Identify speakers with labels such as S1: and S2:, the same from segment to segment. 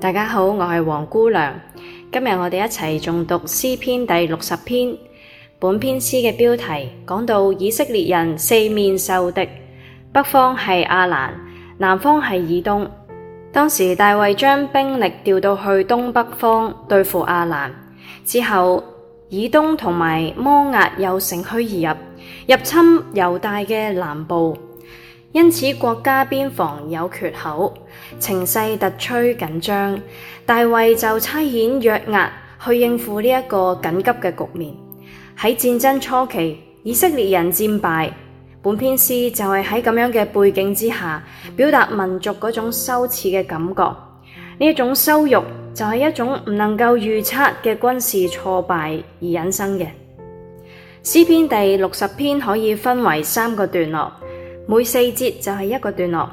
S1: 大家好，我係黃姑娘。今日我哋一齊誦讀詩篇第六十篇。本篇詩嘅標題講到以色列人四面受敵，北方係亞蘭，南方係以東。當時大衛將兵力調到去東北方對付亞蘭，之後以東同埋摩押又乘虛而入，入侵猶大嘅南部。因此，國家邊防有缺口，情勢突趨緊張。大衛就差遣約押去應付呢一個緊急嘅局面。喺戰爭初期，以色列人戰敗。本篇詩就係喺咁樣嘅背景之下，表達民族嗰種羞恥嘅感覺。呢一種羞辱就係一種唔能夠預測嘅軍事挫敗而引生嘅。詩篇第六十篇可以分為三個段落。每四節就係一個段落，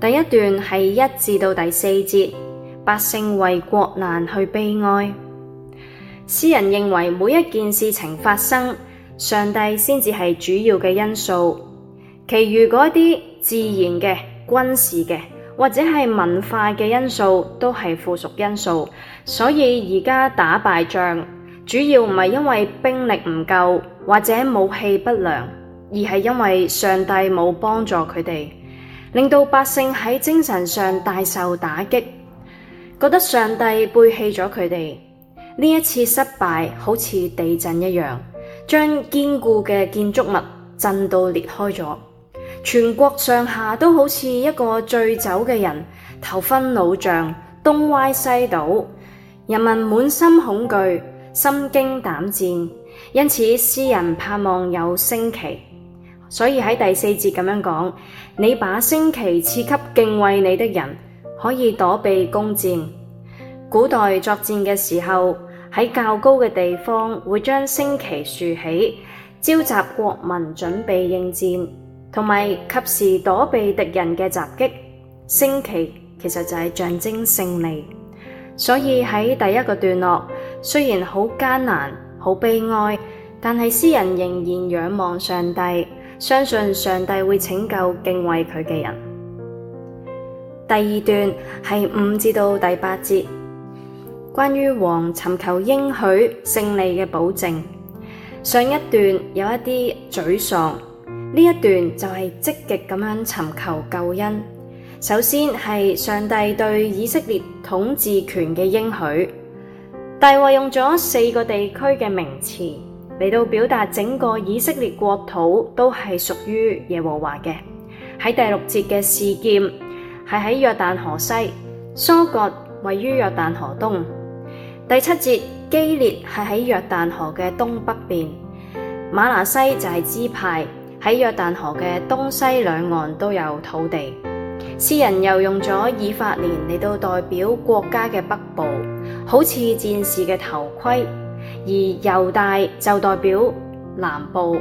S1: 第一段係一至到第四節，百姓為國難去悲哀。詩人認為每一件事情發生，上帝先至係主要嘅因素，其餘嗰啲自然嘅、軍事嘅或者係文化嘅因素都係附屬因素。所以而家打敗仗，主要唔係因為兵力唔夠或者武器不良。而係因為上帝冇幫助佢哋，令到百姓喺精神上大受打擊，覺得上帝背棄咗佢哋。呢一次失敗好似地震一樣，將堅固嘅建築物震到裂開咗。全國上下都好似一個醉酒嘅人，頭昏腦脹，東歪西倒。人民滿心恐懼，心驚膽戰，因此詩人盼望有旌旗。所以喺第四節咁樣講，你把旌旗賜給敬畏你的人，可以躲避弓箭。古代作戰嘅時候，喺較高嘅地方會將旌旗豎起，召集國民準備應戰，同埋及、及時躲避敵人嘅襲擊。旌旗其實就係象徵勝利。所以喺第一個段落，雖然好艱難、好悲哀，但係詩人仍然仰望上帝。相信上帝會拯救敬畏佢嘅人。第二段係五至到第八節，關於王尋求應許勝利嘅保證。上一段有一啲沮喪，呢一段就係積極咁樣尋求救恩。首先係上帝對以色列統治權嘅應許，大衛用咗四個地區嘅名詞。嚟到表達整個以色列國土都係屬於耶和華嘅。喺第六節嘅示劍係喺約旦河西，疏割位於約旦河東。第七節基列係喺約旦河嘅東北邊，馬拿西就係支派喺約旦河嘅東西兩岸都有土地。詩人又用咗以法蓮，嚟到代表國家嘅北部，好似戰士嘅頭盔。而猶大就代表南部，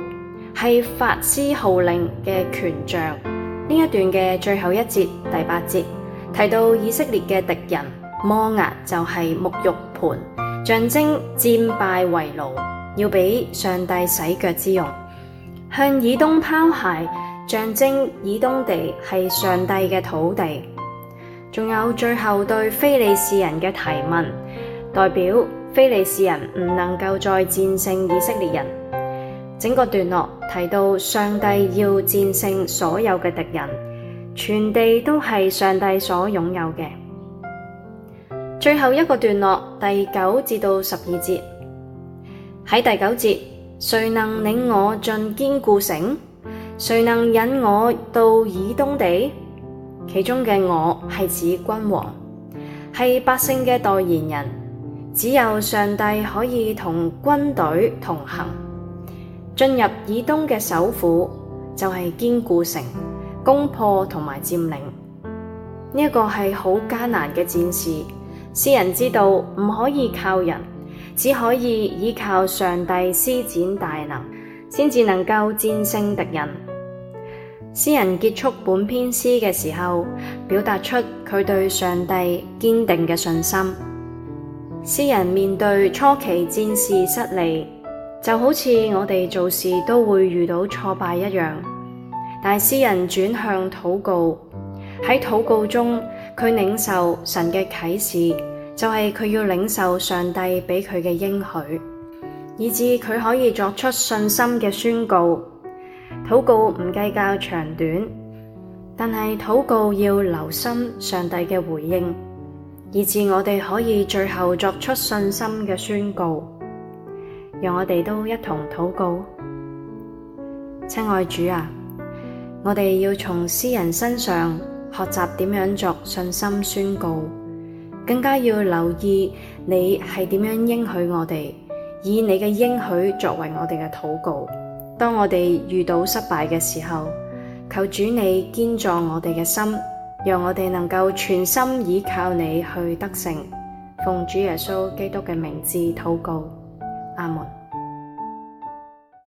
S1: 係法師號令嘅權杖。呢一段嘅最後一節第八節提到以色列嘅敵人摩押就係沐浴盆，象徵戰敗為奴，要俾上帝洗腳之用。向以東拋鞋，象徵以東地係上帝嘅土地。仲有最後對非利士人嘅提問，代表。非利士人唔能夠再戰勝以色列人。整個段落提到上帝要戰勝所有嘅敵人，全地都係上帝所擁有嘅。最後一個段落，第九至到十二節。喺第九節，誰能領我進堅固城？誰能引我到以東地？其中嘅我係指君王，係百姓嘅代言人。只有上帝可以同軍隊同行，進入以東嘅首府就係堅固城，攻破同埋佔領呢一個係好艱難嘅戰事。詩人知道唔可以靠人，只可以依靠上帝施展大能，先至能夠戰勝敵人。詩人結束本篇詩嘅時候，表達出佢對上帝堅定嘅信心。詩人面對初期戰事失利，就好似我哋做事都會遇到挫敗一樣。但詩人轉向禱告，喺禱告中佢領受神嘅啟示，就係、是、佢要領受上帝畀佢嘅應許，以致佢可以作出信心嘅宣告。禱告唔計較長短，但係禱告要留心上帝嘅回應。以至我哋可以最後作出信心嘅宣告，讓我哋都一同禱告。親愛主啊，我哋要從詩人身上學習點樣作信心宣告，更加要留意你係點樣應許我哋，以你嘅應許作為我哋嘅禱告。當我哋遇到失敗嘅時候，求主你堅助我哋嘅心。讓我哋能夠全心倚靠你去得勝，奉主耶穌基督嘅名字禱告，阿門。